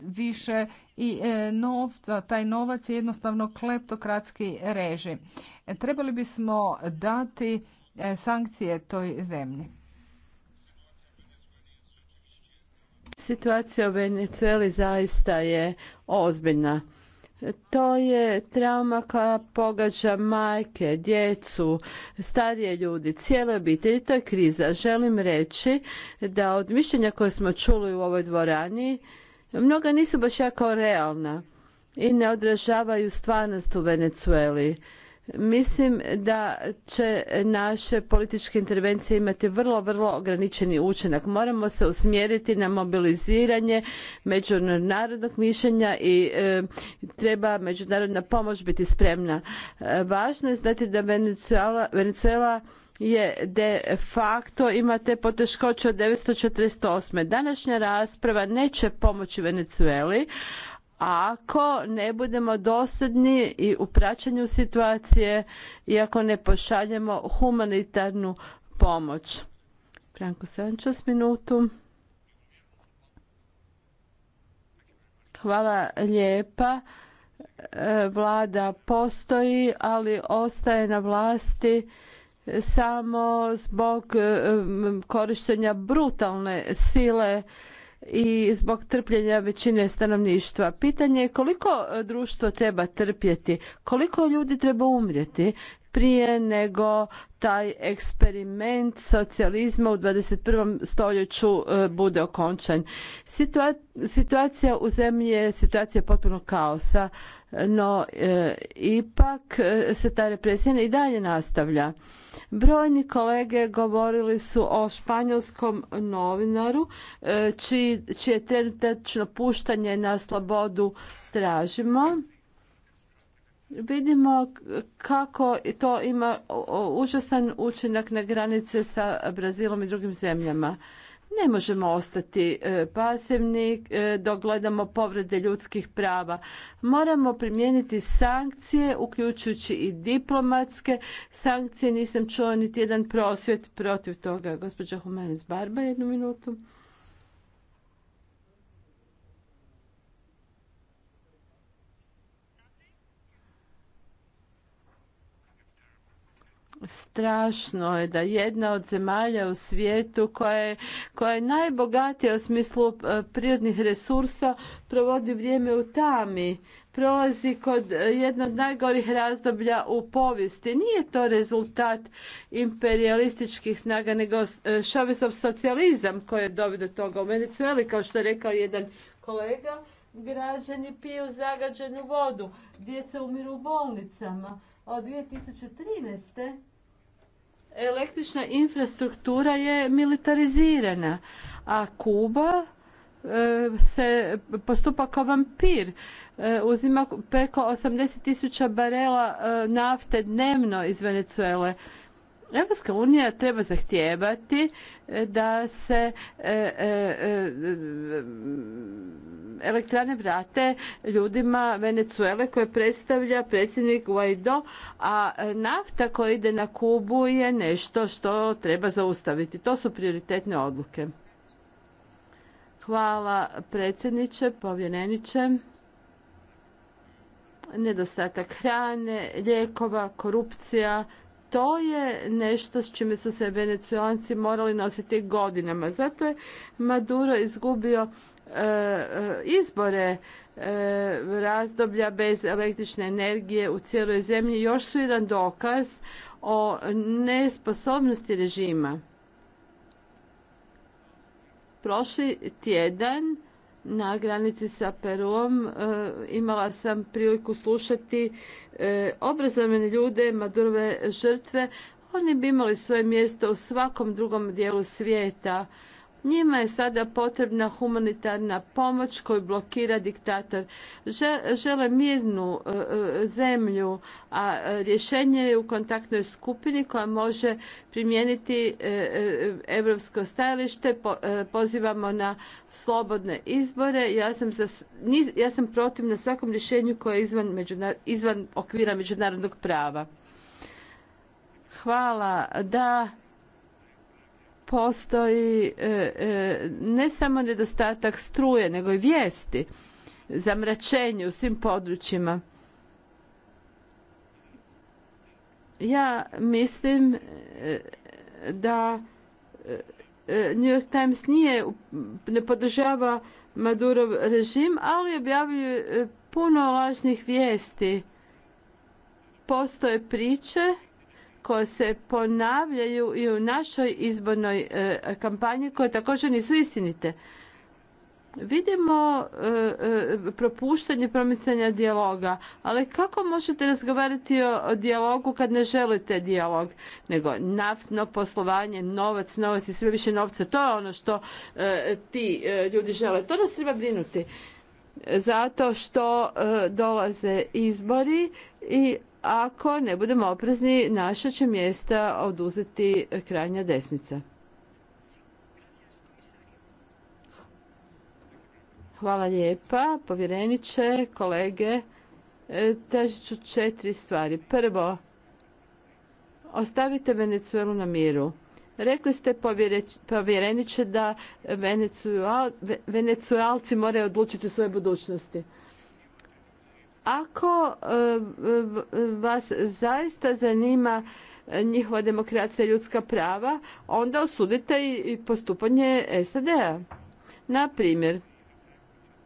više i e, novca, taj novac je jednostavno kleptokratski režim. E, trebali bismo dati e, sankcije toj zemlji. Situacija u Venezueli zaista je ozbiljna. To je trauma koja pogađa majke, djecu, starije ljudi, cijele obitelji. To je kriza. Želim reći da od mišljenja koje smo čuli u ovoj dvorani, mnoga nisu baš jako realna i ne odražavaju stvarnost u Venecueli. Mislim da će naše političke intervencije imati vrlo, vrlo ograničeni učinak. Moramo se usmjeriti na mobiliziranje međunarodnog mišljenja i e, treba međunarodna pomoć biti spremna. E, važno je znati da Venezuela, je de facto ima te poteškoće od 948. Današnja rasprava neće pomoći Venezueli, ako ne budemo dosadni i u praćenju situacije i ako ne pošaljemo humanitarnu pomoć. Franko minutu. Hvala lijepa. E, Vlada postoji, ali ostaje na vlasti samo zbog e, korištenja brutalne sile i zbog trpljenja većine stanovništva. Pitanje je koliko društvo treba trpjeti, koliko ljudi treba umrijeti prije nego taj eksperiment socijalizma u 21. stoljeću e, bude okončan. Situacija u zemlji je situacija potpuno kaosa, no e, ipak e, se ta represija i dalje nastavlja. Brojni kolege govorili su o španjolskom novinaru, čije trenutačno puštanje na slobodu tražimo vidimo kako to ima užasan učinak na granice sa Brazilom i drugim zemljama. Ne možemo ostati e, pasivni e, dok gledamo povrede ljudskih prava. Moramo primijeniti sankcije, uključujući i diplomatske sankcije. Nisam čuo niti jedan prosvjet protiv toga. Gospođa Humanis Barba, jednu minutu. strašno je da jedna od zemalja u svijetu koja je, koja je najbogatija u smislu e, prirodnih resursa provodi vrijeme u tami prolazi kod e, jednog od najgorih razdoblja u povijesti. Nije to rezultat imperialističkih snaga, nego e, šavezov socijalizam koji je doveo do toga. U Venezueli, kao što je rekao jedan kolega, građani piju zagađenu vodu, djeca umiru u bolnicama. Od 2013 električna infrastruktura je militarizirana, a Kuba e, se postupa kao vampir. E, uzima preko 80 tisuća barela e, nafte dnevno iz Venezuele. Europska unija treba zahtijevati e, da se e, e, elektrane vrate ljudima Venecuele koje predstavlja predsjednik Guaido, a nafta koja ide na Kubu je nešto što treba zaustaviti. To su prioritetne odluke. Hvala predsjedniče, povjereniče. Nedostatak hrane, lijekova, korupcija, to je nešto s čime su se venecijanci morali nositi godinama. Zato je Maduro izgubio e, e, izbore e, razdoblja bez električne energije u cijeloj zemlji. Još su jedan dokaz o nesposobnosti režima. Prošli tjedan na granici sa Peruom e, imala sam priliku slušati e, obrazovane ljude, Madurove žrtve. Oni bi imali svoje mjesto u svakom drugom dijelu svijeta njima je sada potrebna humanitarna pomoć koju blokira diktator. Žele mirnu e, e, zemlju, a e, rješenje je u kontaktnoj skupini koja može primijeniti europsko stajalište. Pozivamo na slobodne izbore. Ja sam, za, ja sam protiv na svakom rješenju koje je izvan, izvan okvira međunarodnog prava. Hvala. Da, postoji e, e, ne samo nedostatak struje, nego i vijesti, zamračenje u svim područjima. Ja mislim e, da New York Times nije, ne podržava Madurov režim, ali objavljuje puno lažnih vijesti. Postoje priče koje se ponavljaju i u našoj izbornoj e, kampanji koje također nisu istinite. Vidimo e, e, propuštanje promicanja dijaloga, ali kako možete razgovarati o dijalogu kad ne želite dijalog, nego naftno poslovanje, novac, novac i sve više novca, to je ono što ti ljudi žele. To nas treba brinuti zato što dolaze izbori i ako ne budemo oprezni, naša će mjesta oduzeti krajnja desnica. Hvala lijepa, povjereniče, kolege. E, tražit ću četiri stvari. Prvo, ostavite Venecuelu na miru. Rekli ste povjereniče da Venecualci moraju odlučiti u svojoj budućnosti. Ako e, vas zaista zanima njihova demokracija i ljudska prava, onda osudite i postupanje SAD-a. Na primjer,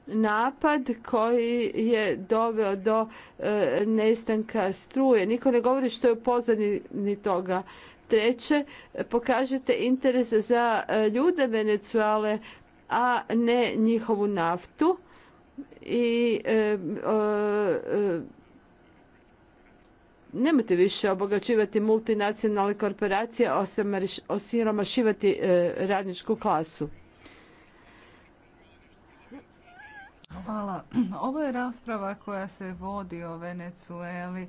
napad koji je doveo do e, nestanka struje. Niko ne govori što je u pozadini toga. Treće, pokažete interes za e, ljude Venecuale, a ne njihovu naftu i e, e, nemojte više obogaćivati multinacionalne korporacije, osiromašivati e, radničku klasu. Hvala. Ovo je rasprava koja se vodi o Venecueli.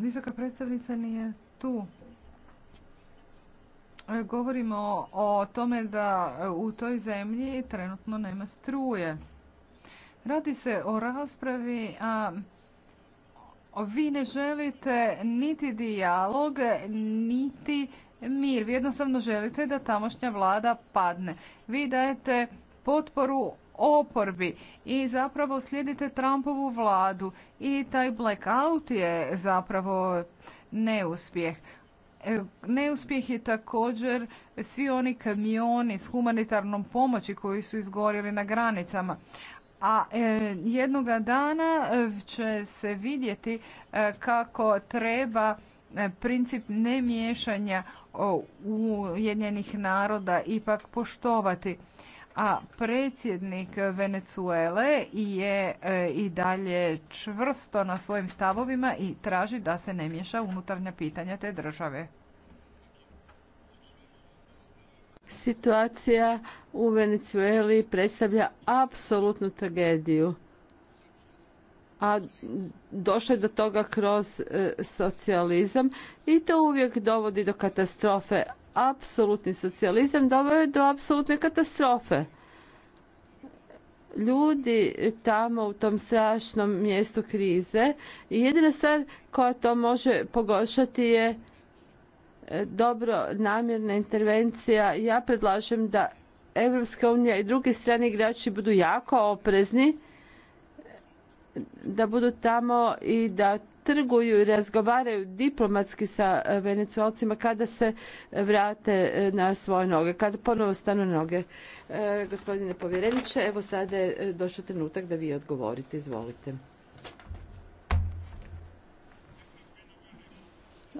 visoka predstavnica nije tu. Govorimo o tome da u toj zemlji trenutno nema struje. Radi se o raspravi, a vi ne želite niti dijalog, niti mir. Vi jednostavno želite da tamošnja vlada padne. Vi dajete potporu oporbi i zapravo slijedite Trumpovu vladu i taj blackout je zapravo neuspjeh. E, neuspjeh je također svi oni kamioni s humanitarnom pomoći koji su izgorjeli na granicama a e, jednoga dana e, će se vidjeti e, kako treba princip nemiješanja Ujedinjenih naroda ipak poštovati. A predsjednik Venezuele je i dalje čvrsto na svojim stavovima i traži da se ne miješa unutarnja pitanja te države situacija u Venezueli predstavlja apsolutnu tragediju. A došlo je do toga kroz e, socijalizam i to uvijek dovodi do katastrofe. Apsolutni socijalizam dovodi do apsolutne katastrofe. Ljudi tamo u tom strašnom mjestu krize i jedina stvar koja to može pogoršati je E, dobro namjerna intervencija. Ja predlažem da Evropska unija i drugi strani igrači budu jako oprezni, da budu tamo i da trguju i razgovaraju diplomatski sa venecualcima kada se vrate e, na svoje noge, kada ponovo stanu noge. E, gospodine povjereniče, evo sada je došao trenutak da vi odgovorite. Izvolite.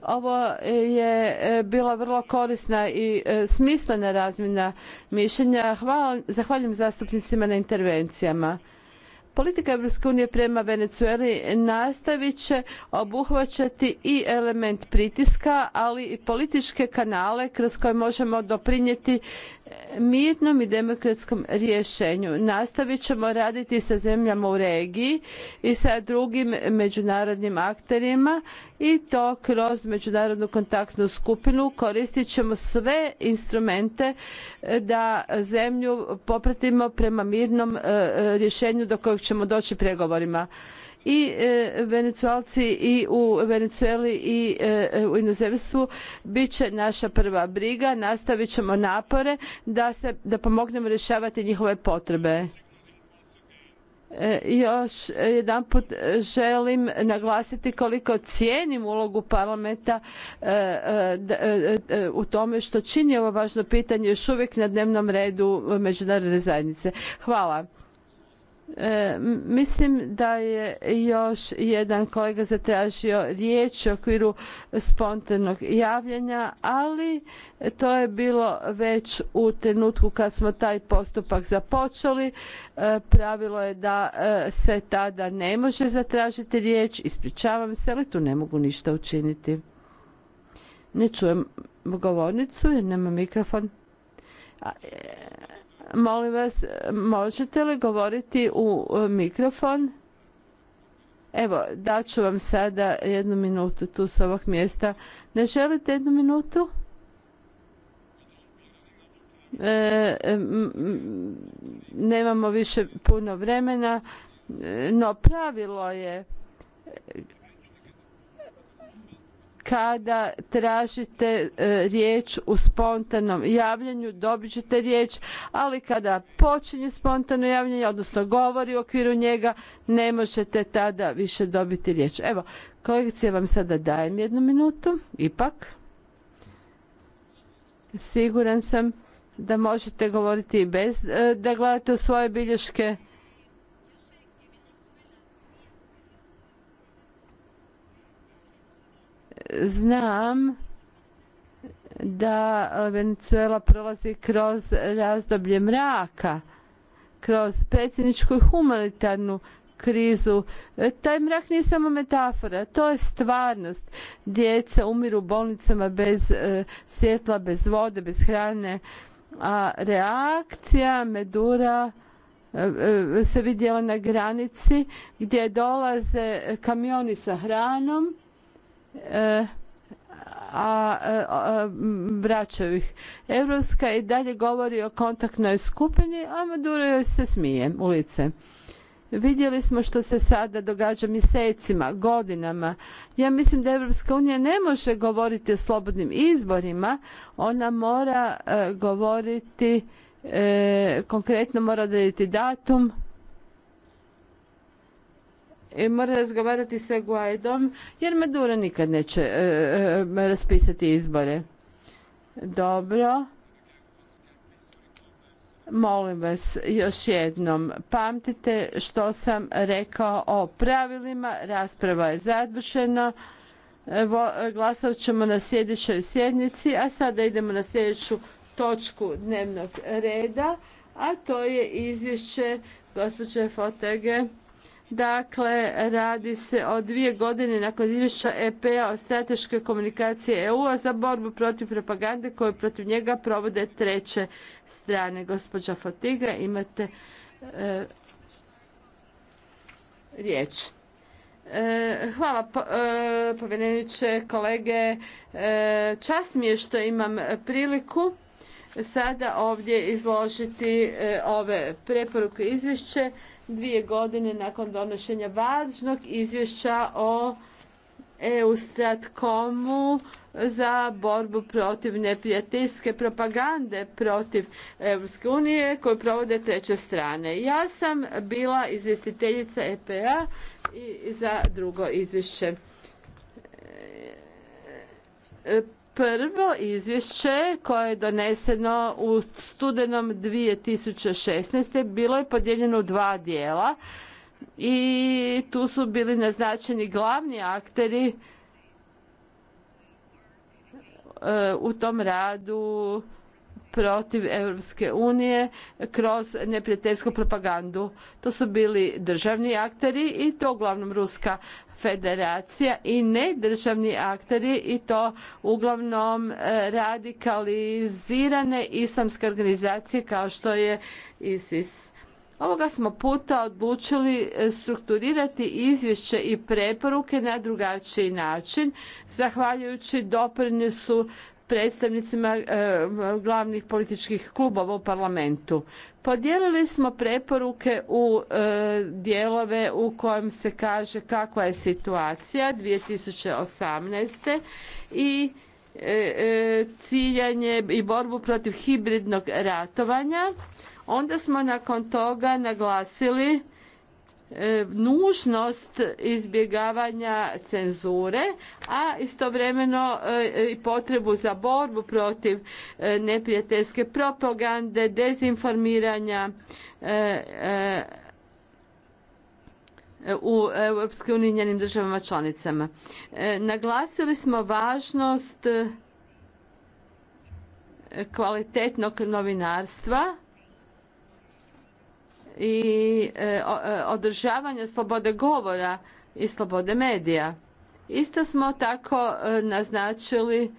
Ovo je e, bila vrlo korisna i e, smislena razmjena mišljenja. zahvaljujem zastupnicima na intervencijama. Politika Europske unije prema Venecueli nastavit će obuhvaćati i element pritiska, ali i političke kanale kroz koje možemo doprinijeti mirnom i demokratskom rješenju. Nastavit ćemo raditi sa zemljama u regiji i sa drugim međunarodnim akterima i to kroz međunarodnu kontaktnu skupinu koristit ćemo sve instrumente da zemlju popratimo prema mirnom e, e, rješenju do kojeg ćemo doći pregovorima i e, venecualci i u Venecueli i e, e, u inozemstvu bit će naša prva briga. Nastavit ćemo napore da, se, da pomognemo rješavati njihove potrebe. Još jedanput želim naglasiti koliko cijenim ulogu parlamenta u tome što čini ovo važno pitanje još uvijek na dnevnom redu međunarodne zajednice. Hvala. E, mislim da je još jedan kolega zatražio riječ u okviru spontanog javljanja, ali to je bilo već u trenutku kad smo taj postupak započeli. E, pravilo je da e, se tada ne može zatražiti riječ. Ispričavam se, ali tu ne mogu ništa učiniti. Ne čujem govornicu jer nema mikrofon. Molim vas, možete li govoriti u e, mikrofon? Evo, daću vam sada jednu minutu tu s ovog mjesta. Ne želite jednu minutu? E, e nemamo više puno vremena, e, no pravilo je kada tražite e, riječ u spontanom javljanju dobit ćete riječ, ali kada počinje spontano javljanje, odnosno govori u okviru njega, ne možete tada više dobiti riječ. Evo, kolegice, vam sada dajem jednu minutu, ipak. Siguran sam da možete govoriti i bez e, da gledate u svoje bilješke. Znam da e, Venezuela prolazi kroz razdoblje mraka, kroz predsjedničku i humanitarnu krizu. E, taj mrak nije samo metafora, to je stvarnost. Djeca umiru u bolnicama bez e, svjetla, bez vode, bez hrane, a reakcija Medura se vidjela na granici gdje dolaze kamioni sa hranom a vraćaju ih. Evropska i dalje govori o kontaktnoj skupini, a Maduro joj se smije u lice. Vidjeli smo što se sada događa mjesecima, godinama. Ja mislim da Evropska unija ne može govoriti o slobodnim izborima, ona mora e, govoriti e, konkretno mora odrediti datum E, mora razgovarati sa Guaidom jer Maduro nikad neće e, e, raspisati izbore. Dobro. Molim vas još jednom, pamtite što sam rekao o pravilima, rasprava je završena, Glasovat ćemo na sljedećoj sjednici, a sada idemo na sljedeću točku dnevnog reda, a to je izvješće gospođe Fotege. Dakle, radi se o dvije godine nakon izvješća EPA o strateškoj komunikaciji EU-a za borbu protiv propagande koju protiv njega provode treće strane. Gospođa Fotiga, imate e, riječ. E, hvala po, e, povjereniče, kolege. Čast mi je što imam priliku sada ovdje izložiti ove preporuke izvješće dvije godine nakon donošenja važnog izvješća o EU Stratkomu za borbu protiv neprijateljske propagande protiv Europske unije koju provode treće strane. Ja sam bila izvjestiteljica EPA i za drugo izvješće prvo izvješće koje je doneseno u studenom 2016. bilo je podijeljeno u dva dijela i tu su bili naznačeni glavni akteri e, u tom radu protiv Europske unije kroz neprijateljsku propagandu. To su bili državni akteri i to uglavnom Ruska federacija i nedržavni akteri i to uglavnom e, radikalizirane islamske organizacije kao što je ISIS. Ovoga smo puta odlučili e, strukturirati izvješće i preporuke na drugačiji način, zahvaljujući doprinosu predstavnicima e, glavnih političkih klubova u parlamentu. Podijelili smo preporuke u e, dijelove u kojem se kaže kakva je situacija 2018. i e, ciljanje i borbu protiv hibridnog ratovanja. Onda smo nakon toga naglasili E, nužnost izbjegavanja cenzure, a istovremeno e, i potrebu za borbu protiv e, neprijateljske propagande, dezinformiranja u Europske unije njenim državama članicama. Naglasili smo važnost kvalitetnog novinarstva i e, e, održavanje slobode govora i slobode medija. Isto smo tako e, naznačili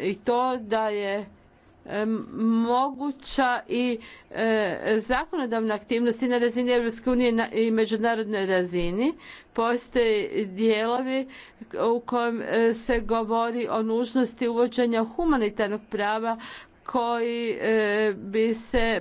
i to da je moguća i e, zakonodavna aktivnost i na razini Europske unije i međunarodnoj razini. Postoje dijelovi u kojem e, se govori o nužnosti uvođenja humanitarnog prava koji e, bi se